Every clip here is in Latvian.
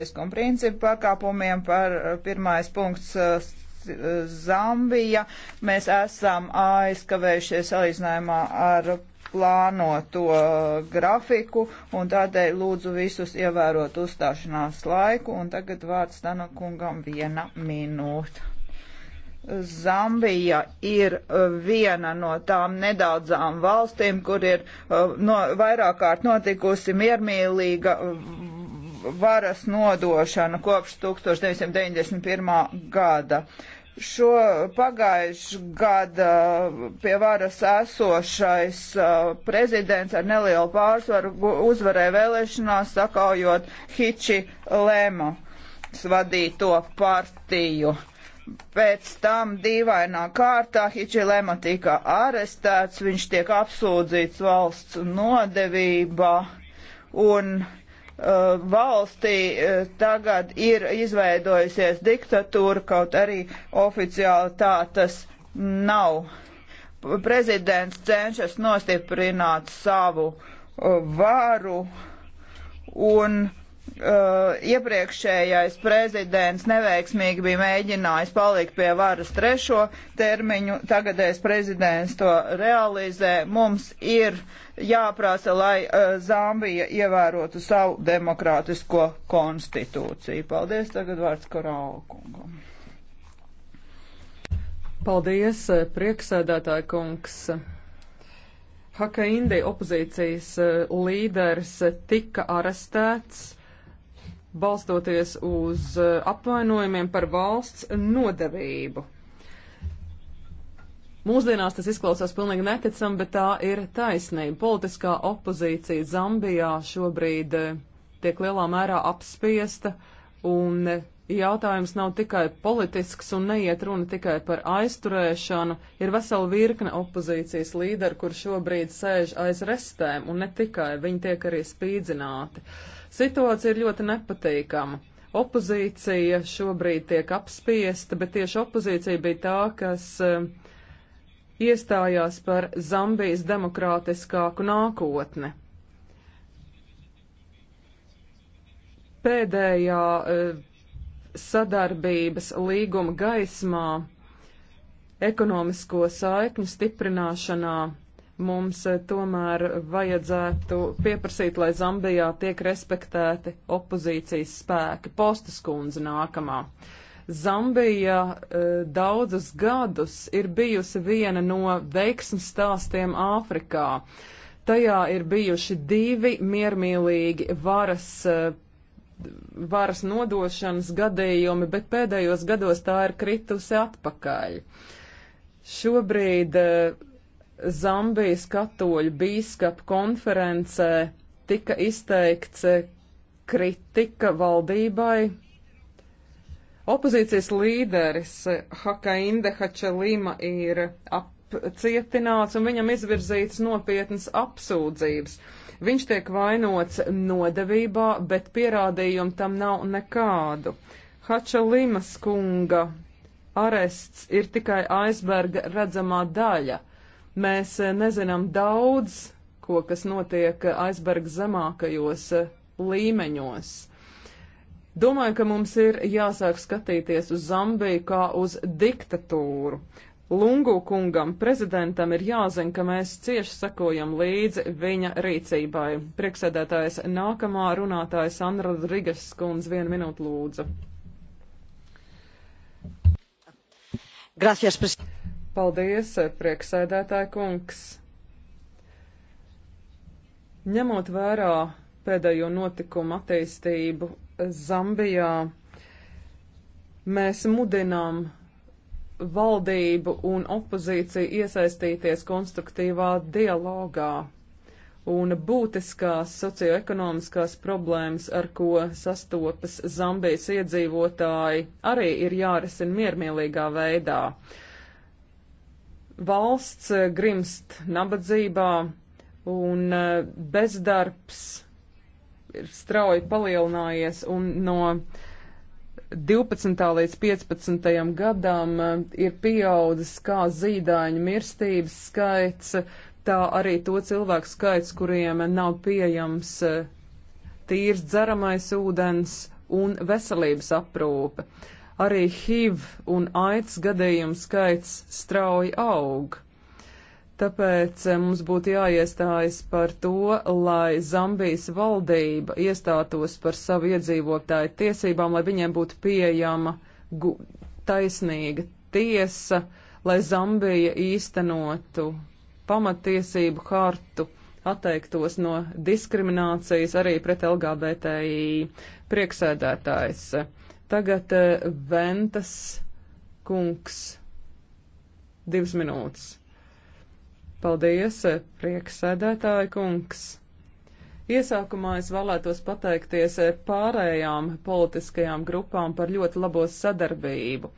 tiesiskuma principu pakāpumiem par eh, pirmais punkts eh, eh, Zambija. Mēs esam aizkavējušies salīdzinājumā ar plānoto grafiku un tādēļ lūdzu visus ievērot uzstāšanās laiku un tagad vārds Tanakungam viena minūte. Zambija ir viena no tām nedaudzām valstīm, kur ir no, vairāk kārt notikusi miermīlīga varas nodošanu kopš 1991. gada. Šo pagājušu gada pie varas esošais uh, prezidents ar nelielu pārsvaru uzvarēja vēlēšanās, sakaujot Hiči Lemu vadīto partiju. Pēc tam dīvainā kārtā Hičilema tika arestēts, viņš tiek apsūdzīts valsts nodevībā un Uh, valstī uh, tagad ir izveidojusies diktatūra, kaut arī oficiāli tā tas nav. Prezidents cenšas nostiprināt savu uh, varu un Uh, iepriekšējais prezidents neveiksmīgi bija mēģinājis palikt pie varas trešo termiņu, tagadējais prezidents to realizē. Mums ir jāprasa, lai uh, Zambija ievērotu savu demokrātisko konstitūciju. Paldies, tagad vārds Koraukungam. Paldies, eh, prieksēdētāja kungs. Hakaindi opozīcijas eh, līderis eh, tika arestēts balstoties uz eh, apvainojumiem par valsts nodevību. Mūsdienās tas izklausās pilnīgi neticami, bet tā ir taisnība. Politiskā opozīcija Zambijā šobrīd eh, tiek lielā mērā apspiesta, un eh, jautājums nav tikai politisks un neiet runa tikai par aizturēšanu. Ir vesela virkne opozīcijas līderu, kur šobrīd sēž aiz restēm, un ne tikai viņi tiek arī spīdzināti. Situācija ir ļoti nepatīkama. Opozīcija šobrīd tiek apspiesta, bet tieši opozīcija bija tā, kas eh, iestājās par Zambijas demokrātiskāku nākotni. Pēdējā eh, sadarbības līguma gaismā ekonomisko saikņu stiprināšanā mums eh, tomēr vajadzētu pieprasīt, lai Zambijā tiek respektēti opozīcijas spēki. Postas kundze nākamā. Zambija eh, daudzus gadus ir bijusi viena no veiksmes stāstiem Āfrikā. Tajā ir bijuši divi miermīlīgi varas eh, varas nodošanas gadījumi, bet pēdējos gados tā ir kritusi atpakaļ. Šobrīd Zambijas katoļu bīskapu konferencē tika izteikts eh, kritika valdībai. Opozīcijas līderis eh, Hakainde Hačelima ir apcietināts un viņam izvirzīts nopietnas apsūdzības. Viņš tiek vainots nodevībā, bet pierādījumu tam nav nekādu. Hača Limas kunga arests ir tikai aizberga redzamā daļa. Mēs eh, nezinām daudz, ko kas notiek eh, aizberga zemākajos eh, līmeņos. Domāju, ka mums ir jāsāk skatīties uz Zambiju kā uz diktatūru. Lungu kungam, prezidentam, ir jāzina, ka mēs cieši sekojam līdzi viņa rīcībai. Prieksēdētājs nākamā runātāja Sandra Rodrigas skundze vienu minūtu lūdzu. Gracias, presidente. Paldies, prieksēdētāja kungs! Ņemot vērā pēdējo notikumu attīstību Zambijā, mēs mudinām valdību un opozīciju iesaistīties konstruktīvā dialogā. Un būtiskās socioekonomiskās problēmas, ar ko sastopas Zambijas iedzīvotāji, arī ir jārisina miermīlīgā veidā. Uh, Valsts eh, grimst nabadzībā un eh, bezdarbs ir strauji palielinājies un no 12. līdz 15. gadam eh, ir pieaudzis kā zīdaiņu mirstības skaits, tā arī to cilvēku skaits, kuriem nav pieejams tīrs dzeramais ūdens un veselības aprūpe. Arī HIV un AIDS gadījumu skaits strauji aug. Tāpēc eh, mums būtu jāiestājas par to, lai Zambijas valdība iestātos par savu iedzīvotāju tiesībām, lai viņiem būtu pieejama taisnīga tiesa, lai Zambija īstenotu pamatiesību hartu, atteiktos no diskriminācijas arī pret LGBTI prieksēdētājs. Tagad eh, Ventas kungs divas minūtes. Paldies, eh, prieksēdētāji kungs! Iesākumā es vēlētos pateikties eh, pārējām politiskajām grupām par ļoti labo sadarbību.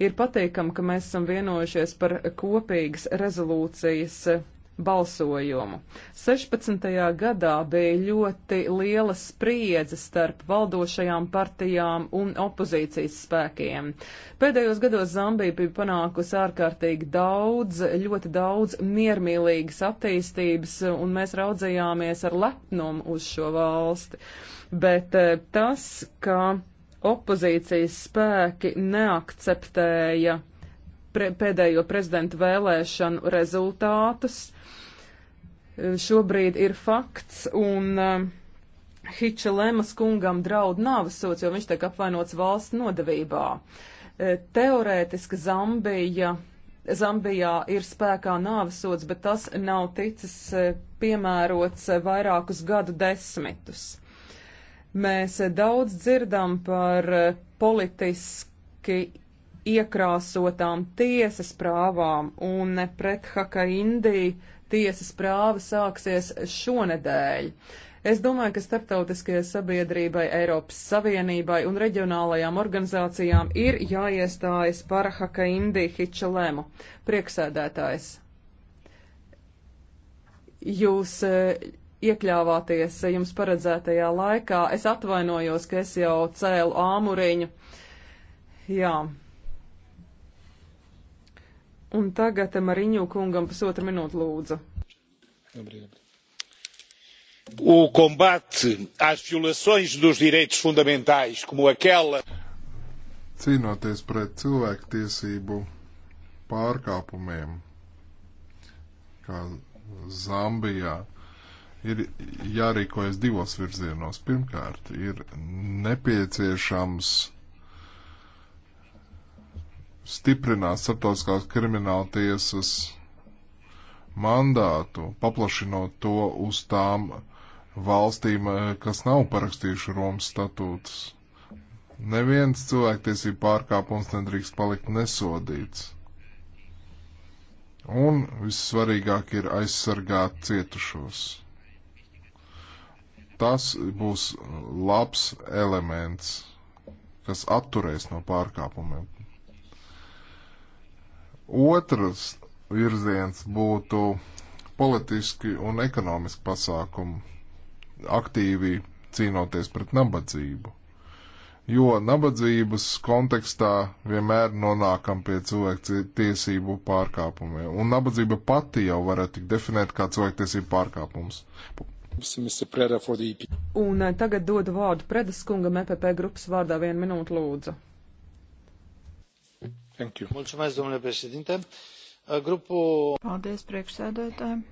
Ir patīkami, ka mēs esam vienojušies par kopīgas rezolūcijas balsojumu. 16. gadā bija ļoti liela spriedze starp valdošajām partijām un opozīcijas spēkiem. Pēdējos gados Zambija bija panākusi ārkārtīgi daudz, ļoti daudz miermīlīgas attīstības, un mēs raudzījāmies ar lepnumu uz šo valsti. Bet eh, tas, ka opozīcijas spēki neakceptēja pre, pēdējo prezidenta vēlēšanu rezultātus. Šobrīd ir fakts, un uh, Hiča Lemas kungam draud nāvesots, jo viņš tiek apvainots valsts nodevībā. Eh, teorētiski Zambija. Zambijā ir spēkā nāvesots, bet tas nav ticis eh, piemērots vairākus gadu desmitus. Mēs daudz dzirdam par politiski iekrāsotām tiesas prāvām, un pret Hakaindī tiesas prāva sāksies šonedēļ. Es domāju, ka starptautiskajai sabiedrībai, Eiropas Savienībai un reģionālajām organizācijām ir jāiestājas par Hakaindī Hičelēmu. Prieksēdētājs. Jūs eh, iekļāvāties jums paredzētajā laikā. Es atvainojos, ka es jau cēlu āmuriņu. Jā. Un tagad Mariņu kungam pusotru minūtu lūdzu. O combate às violações dos direitos fundamentais, como aquela. Cīnoties pret cilvēktiesību pārkāpumiem, kā Zambijā, ir jārīkojas divos virzienos. Pirmkārt, ir nepieciešams stiprināt starptautiskās krimināla tiesas mandātu, paplašinot to uz tām valstīm, eh, kas nav parakstījuši Romas statūtus. Neviens cilvēktiesību pārkāpums nedrīkst palikt nesodīts. Un vissvarīgāk ir aizsargāt cietušos. Tas būs labs elements, kas atturēs no pārkāpumiem. Otrs virziens būtu politiski un ekonomiski pasākumi, aktīvi cīnoties pret nabadzību. Jo nabadzības kontekstā vienmēr nonākam pie cilvēku tiesību pārkāpumiem, un nabadzība pati jau varētu tik definēt kā cilvēktiesību pārkāpums. E un eh, tagad dodu vārdu Predes kungam EPP grupas vārdā vienu minūtu lūdzu. Mulțumesc, domnule președinte. Uh, Grupu... Paldies, priekšsēdētāji.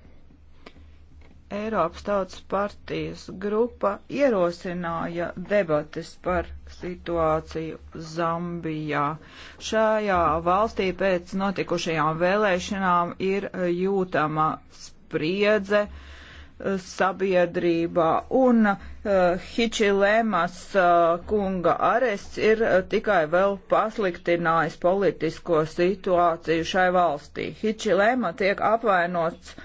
Eiropas Tautas partijas grupa ierosināja debates par situāciju Zambijā. Šajā valstī pēc notikušajām vēlēšanām ir jūtama spriedze. Uh, sabiedrībā. Un uh, eh, Hičilēmas uh, eh, kunga arests ir uh, tikai vēl pasliktinājis politisko situāciju šai valstī. Hičilēma tiek apvainots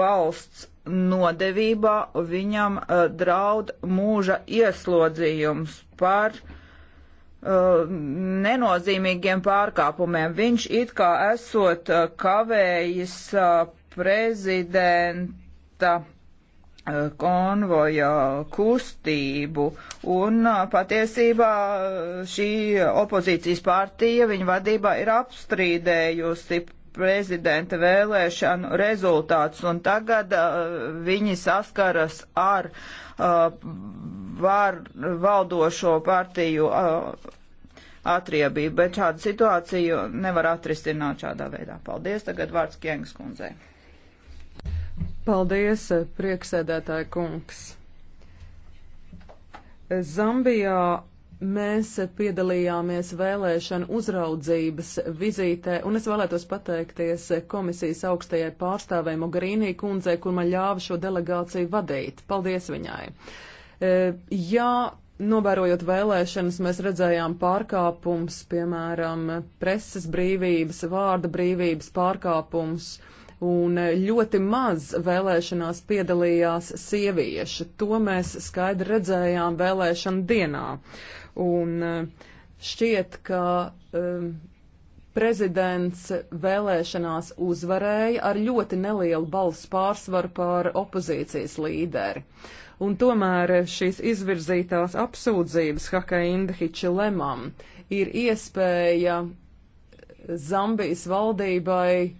valsts nodevībā, viņam uh, draud mūža ieslodzījums par uh, nenozīmīgiem pārkāpumiem. Viņš it kā esot uh, kavējis prezidenta konvoja kustību, un patiesībā šī opozīcijas partija viņa vadībā ir apstrīdējusi prezidenta vēlēšanu rezultātus, un tagad uh, viņi saskaras ar uh, var, valdošo partiju uh, atriebību, bet šādu situāciju nevar atrisināt šādā veidā. Paldies, tagad vārds Kiengas kundzei. Paldies, eh, prieksēdētāja kungs. Eh, Zambijā mēs eh, piedalījāmies vēlēšanu uzraudzības vizītē, un es vēlētos pateikties komisijas augstajai pārstāvei Mogarīnī kundzei, kur man ļāva šo delegāciju vadīt. Paldies viņai. Jā, novērojot vēlēšanas, mēs redzējām pārkāpums, piemēram, preses brīvības, vārda brīvības pārkāpums un ļoti maz vēlēšanās piedalījās sieviešu. To mēs skaidri redzējām vēlēšana dienā. Un eh, šķiet, ka um, prezidents vēlēšanās uzvarēja ar ļoti nelielu balsu pārsvaru pār opozīcijas līderi. Un tomēr šīs izvirzītās apsūdzības Hakainda Hičilemam ir iespēja Zambijas valdībai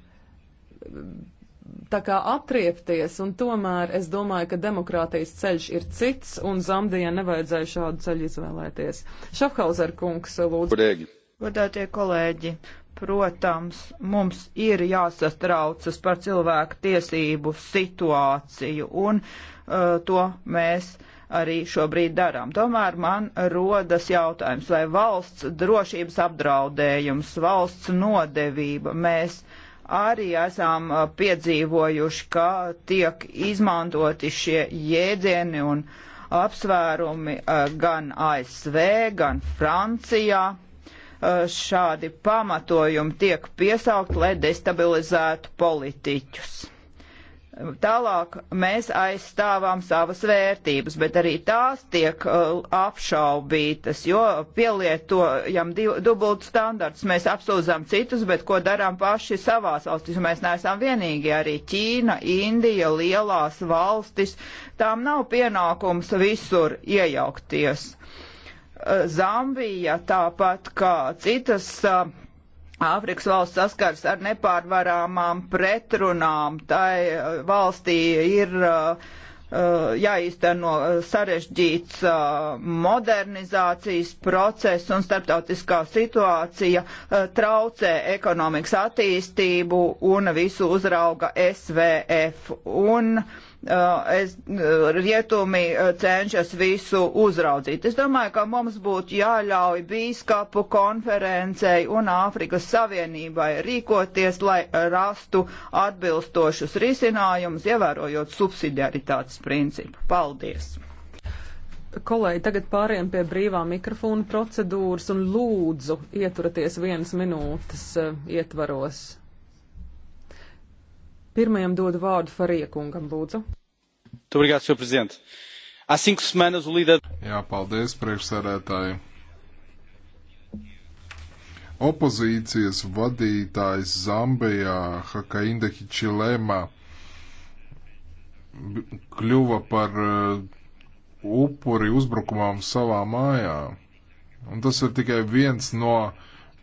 tā kā atriepties, un tomēr es domāju, ka demokrātijas ceļš ir cits, un Zambijai nevajadzēja šādu ceļu izvēlēties. Šafhauser kungs, lūdzu. Kolēģi. Godātie kolēģi, protams, mums ir jāsastraucas par cilvēku tiesību situāciju, un uh, to mēs arī šobrīd darām. Tomēr man rodas jautājums, vai valsts drošības apdraudējums, valsts nodevība mēs. Uh, arī esam uh, piedzīvojuši, ka tiek izmantoti šie jēdzieni un apsvērumi uh, gan ASV, gan Francijā. Uh, šādi pamatojumi tiek piesaukt, lai destabilizētu politiķus. Tālāk mēs aizstāvām savas vērtības, bet arī tās tiek uh, apšaubītas, jo pielietojam dubultu standartus. Mēs apsūdzam citus, bet ko darām paši savās valstīs? Mēs neesam vienīgi. Arī Ķīna, Indija, lielās valstis, tām nav pienākums visur iejaukties. Uh, Zambija tāpat kā citas. Uh, Āfrikas valsts saskars ar nepārvarāmām pretrunām. Tai uh, valstī ir uh, uh jāīsteno uh, sarežģīts modernizācijas process un starptautiskā situācija traucē ekonomikas attīstību un visu uzrauga SVF. Un, uh, Uh, es, uh, rietumi uh, cenšas visu uzraudzīt. Es domāju, ka mums būtu jāļauj bīskapu konferencei un Āfrikas Savienībai rīkoties, lai rastu atbilstošus risinājumus, ievērojot subsidiaritātes principu. Paldies! Kolēģi, tagad pāriem pie brīvā mikrofona procedūras un lūdzu ieturaties vienas minūtes ietvaros. Pirmajam dodu vārdu Fariekungam, lūdzu. Obrigado, Sr. Presidente. Há cinco semanas o líder. Jā, paldies, priekšsēdētāji. Opozīcijas vadītājs Zambijā, Hakainde Hichilema, kļuva par uh, upuri uzbrukumam savā mājā. Un tas ir tikai viens no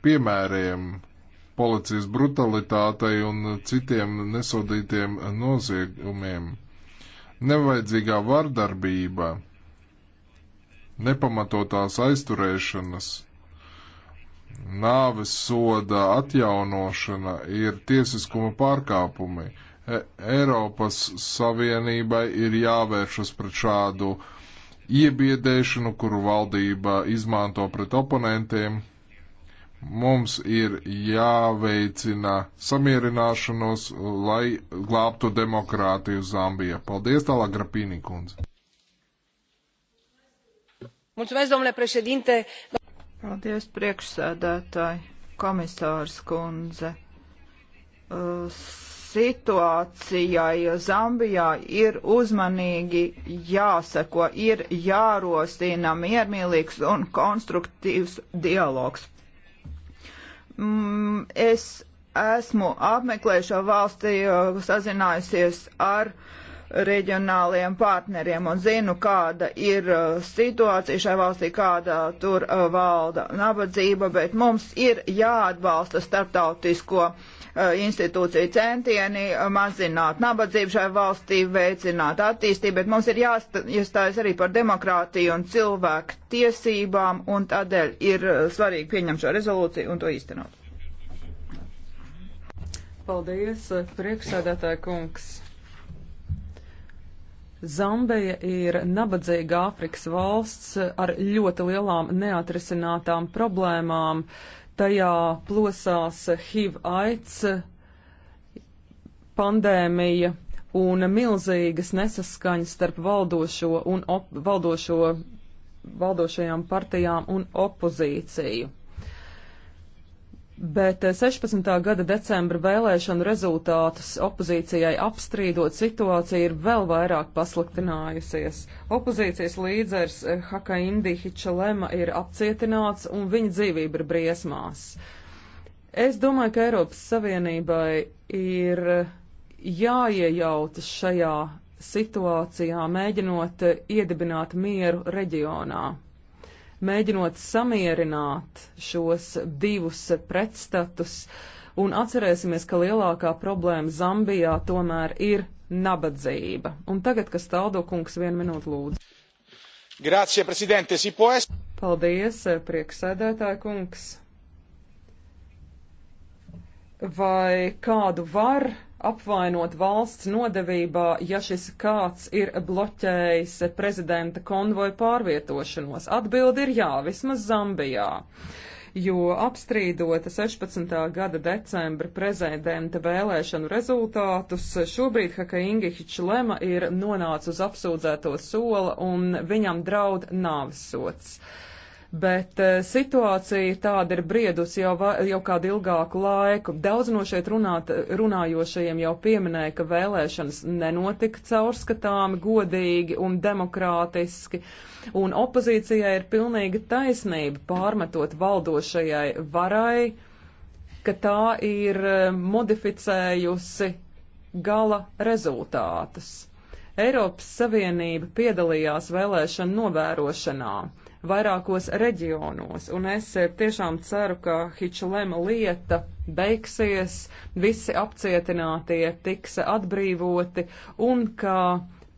piemēriem policijas brutalitātei un citiem nesodītiem noziegumiem. Nevajadzīgā vardarbība, nepamatotās aizturēšanas, nāves soda atjaunošana ir tiesiskuma pārkāpumi. E Eiropas Savienībai ir jāvēršas pret šādu iebiedēšanu, kuru valdība izmanto pret oponentiem Mums ir jāveicina samierināšanos, lai glābtu demokrātiju Zambijā. Paldies, tālāk, Grapīnī kundze. Mulțumesc, domnule președinte. Paldies, priekšsēdētāji, komisārs kundze. Uh, situācijai Zambijā ir uzmanīgi jāseko, ir jārostina miermīlīgs un konstruktīvs dialogs Mm, es esmu apmeklējušo valstī sazinājusies ar uh, reģionāliem partneriem un zinu, kāda ir uh, situācija šai valstī, kāda tur uh, valda nabadzība, bet mums ir jāatbalsta starptautisko uh, institūciju centieni mazināt nabadzību šai valstī, veicināt attīstību, bet mums ir jāstājas arī par demokrātiju un cilvēku tiesībām, un tādēļ ir svarīgi pieņemt šo rezolūciju un to īstenot. Paldies, priekšsēdētāja kungs. Zambija ir nabadzīga Āfrikas valsts ar ļoti lielām neatrisinātām problēmām. Tajā plosās HIV aids, pandēmija un milzīgas nesaskaņas starp valdošo un op, valdošo, valdošajām partijām un opozīciju. Bet 16. Eh, gada decembra vēlēšanu rezultātus opozīcijai apstrīdot situācija ir vēl vairāk pasliktinājusies. Opozīcijas līderis eh, Hakaindi Hičalema ir apcietināts un viņa dzīvība ir briesmās. Es domāju, ka Eiropas Savienībai ir eh, jāiejautas šajā situācijā, mēģinot iedibināt mieru reģionā mēģinot samierināt šos divus pretstatus. Un atcerēsimies, ka lielākā problēma Zambijā tomēr ir nabadzība. Un tagad, kas taldo kungs, vienu minūtu lūdzu. Grācie, prezidente, sipoes. Paldies, prieksēdētāja kungs. Vai kādu var apvainot valsts nodevībā, ja šis kāds ir bloķējis prezidenta konvoju pārvietošanos? Atbildi ir jā, vismaz Zambijā jo apstrīdota 16. gada decembra prezidenta vēlēšanu rezultātus, šobrīd Haka Ingihiča Lema ir nonācis uz apsūdzēto sola un viņam draud nāves sots bet eh, situācija tāda ir briedus jau, jau kādu ilgāku laiku. Daudz no šeit runāt, runājošajiem jau pieminēja, ka vēlēšanas nenotika caurskatāmi, godīgi un demokrātiski, un opozīcijai ir pilnīga taisnība pārmetot valdošajai varai, ka tā ir eh, modificējusi gala rezultātus. Eiropas Savienība piedalījās vēlēšana novērošanā vairākos reģionos. Un es tiešām ceru, ka Hičlema lieta beigsies, visi apcietinātie tiks atbrīvoti un ka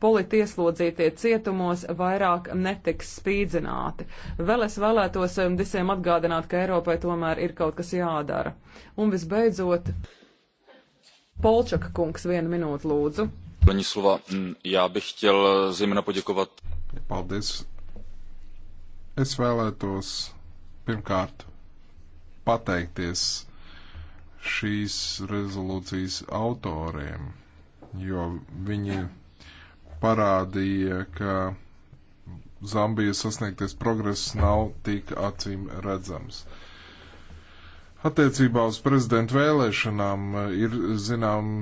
politi ieslodzītie cietumos vairāk netiks spīdzināti. Vēl es vēlētos um, visiem atgādināt, ka Eiropai tomēr ir kaut kas jādara. Un visbeidzot, Polčaka kungs, vienu minūtu lūdzu. Paņislava, mm, jā, bih ķel eh, zimna paģikovat. Paldies, Es vēlētos pirmkārt pateikties šīs rezolūcijas autoriem, jo viņi parādīja, ka Zambijas sasniegties progress nav tik acīm redzams. Attiecībā uz prezidentu vēlēšanām ir, zinām,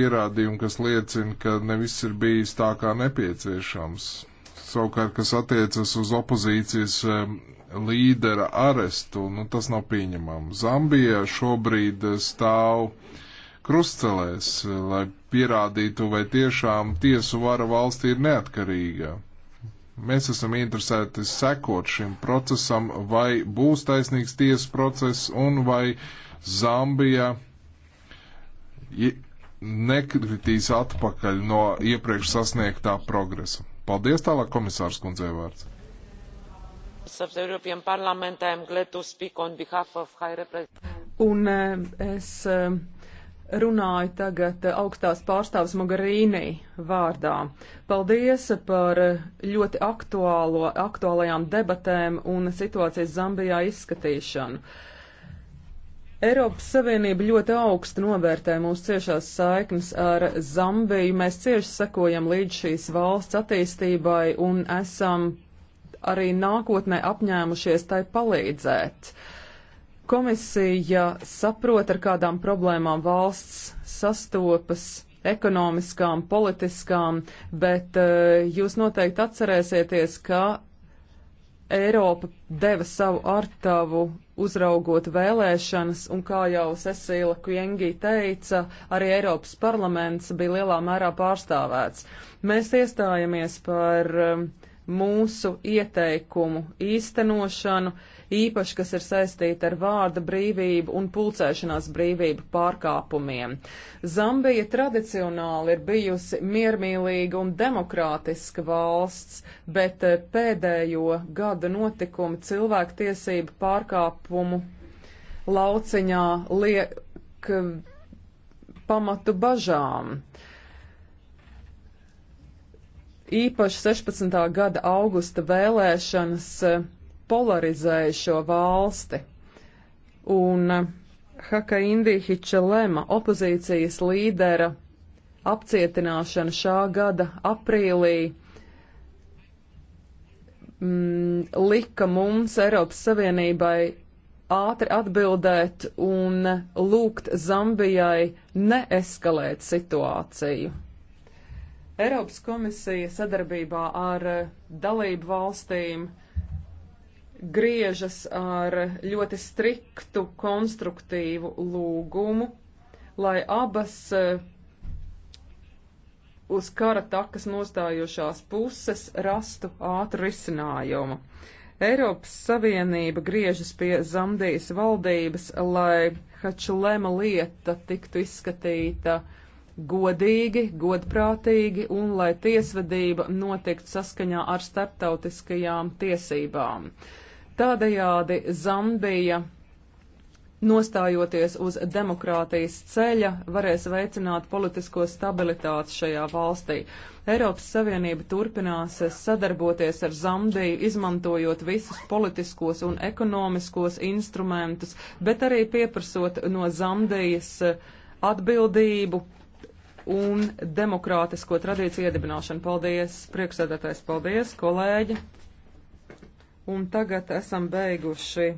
pierādījumi, kas liecina, ka ne viss ir bijis tā, kā nepieciešams savukārt, kas attiecas uz opozīcijas līdera arestu, nu, tas nav pieņemam. Zambija šobrīd stāv krustcelēs, lai pierādītu, vai tiešām tiesu vara valstī ir neatkarīga. Mēs esam interesēti sekot šim procesam, vai būs taisnīgs tiesas process un vai Zambija nekritīs atpakaļ no iepriekš sasniegtā progresa. Paldies tālāk komisārs kundzei vārds. Un eh, es eh, runāju tagad augstās pārstāvs Mogarīnī vārdā. Paldies par ļoti aktuālo, aktuālajām debatēm un situācijas Zambijā izskatīšanu. Uh, Eiropas Savienība ļoti augstu novērtē mūsu ciešās saiknes ar Zambiju. Mēs cieši sekojam līdz šīs valsts attīstībai un esam arī nākotnē apņēmušies tai palīdzēt. Komisija saprot, ar kādām problēmām valsts sastopas ekonomiskām, politiskām, bet uh, jūs noteikti atcerēsieties, ka Eiropa deva savu artavu uzraugot vēlēšanas, un kā jau Cecīla Kjengī teica, arī Eiropas parlaments bija lielā mērā pārstāvēts. Mēs iestājamies par uh, mūsu ieteikumu īstenošanu, īpaši, kas ir saistīta ar vārda brīvību un pulcēšanās brīvību pārkāpumiem. Zambija tradicionāli ir bijusi miermīlīga un demokrātiska valsts, bet eh, pēdējo gadu notikumi cilvēktiesību pārkāpumu lauciņā liek eh, pamatu bažām. Uh, īpaši 16. gada augusta vēlēšanas e, polarizēja šo valsti. Un e, Haka Indīhiča Lema, opozīcijas līdera, apcietināšana šā gada aprīlī mm, lika mums Eiropas Savienībai ātri atbildēt un lūgt Zambijai neeskalēt situāciju. Eiropas komisija sadarbībā ar eh, dalību valstīm griežas ar ļoti striktu konstruktīvu lūgumu, lai abas eh, uz kara takas nostājošās puses rastu ātru risinājumu. Eiropas Savienība griežas pie Zambijas valdības, lai Hačlēma lieta tiktu izskatīta uh, godīgi, godprātīgi un lai tiesvedība notiktu saskaņā ar starptautiskajām tiesībām. Tādējādi Zambija, nostājoties uz demokrātijas ceļa, varēs veicināt politisko stabilitāti šajā valstī. Eiropas Savienība turpinās sadarboties ar Zambiju, izmantojot visus politiskos un ekonomiskos instrumentus, bet arī pieprasot no Zambijas atbildību un demokrātisko tradīciju iedibināšanu. Paldies, priekšsēdētājs, paldies, kolēģi! Un tagad esam beiguši.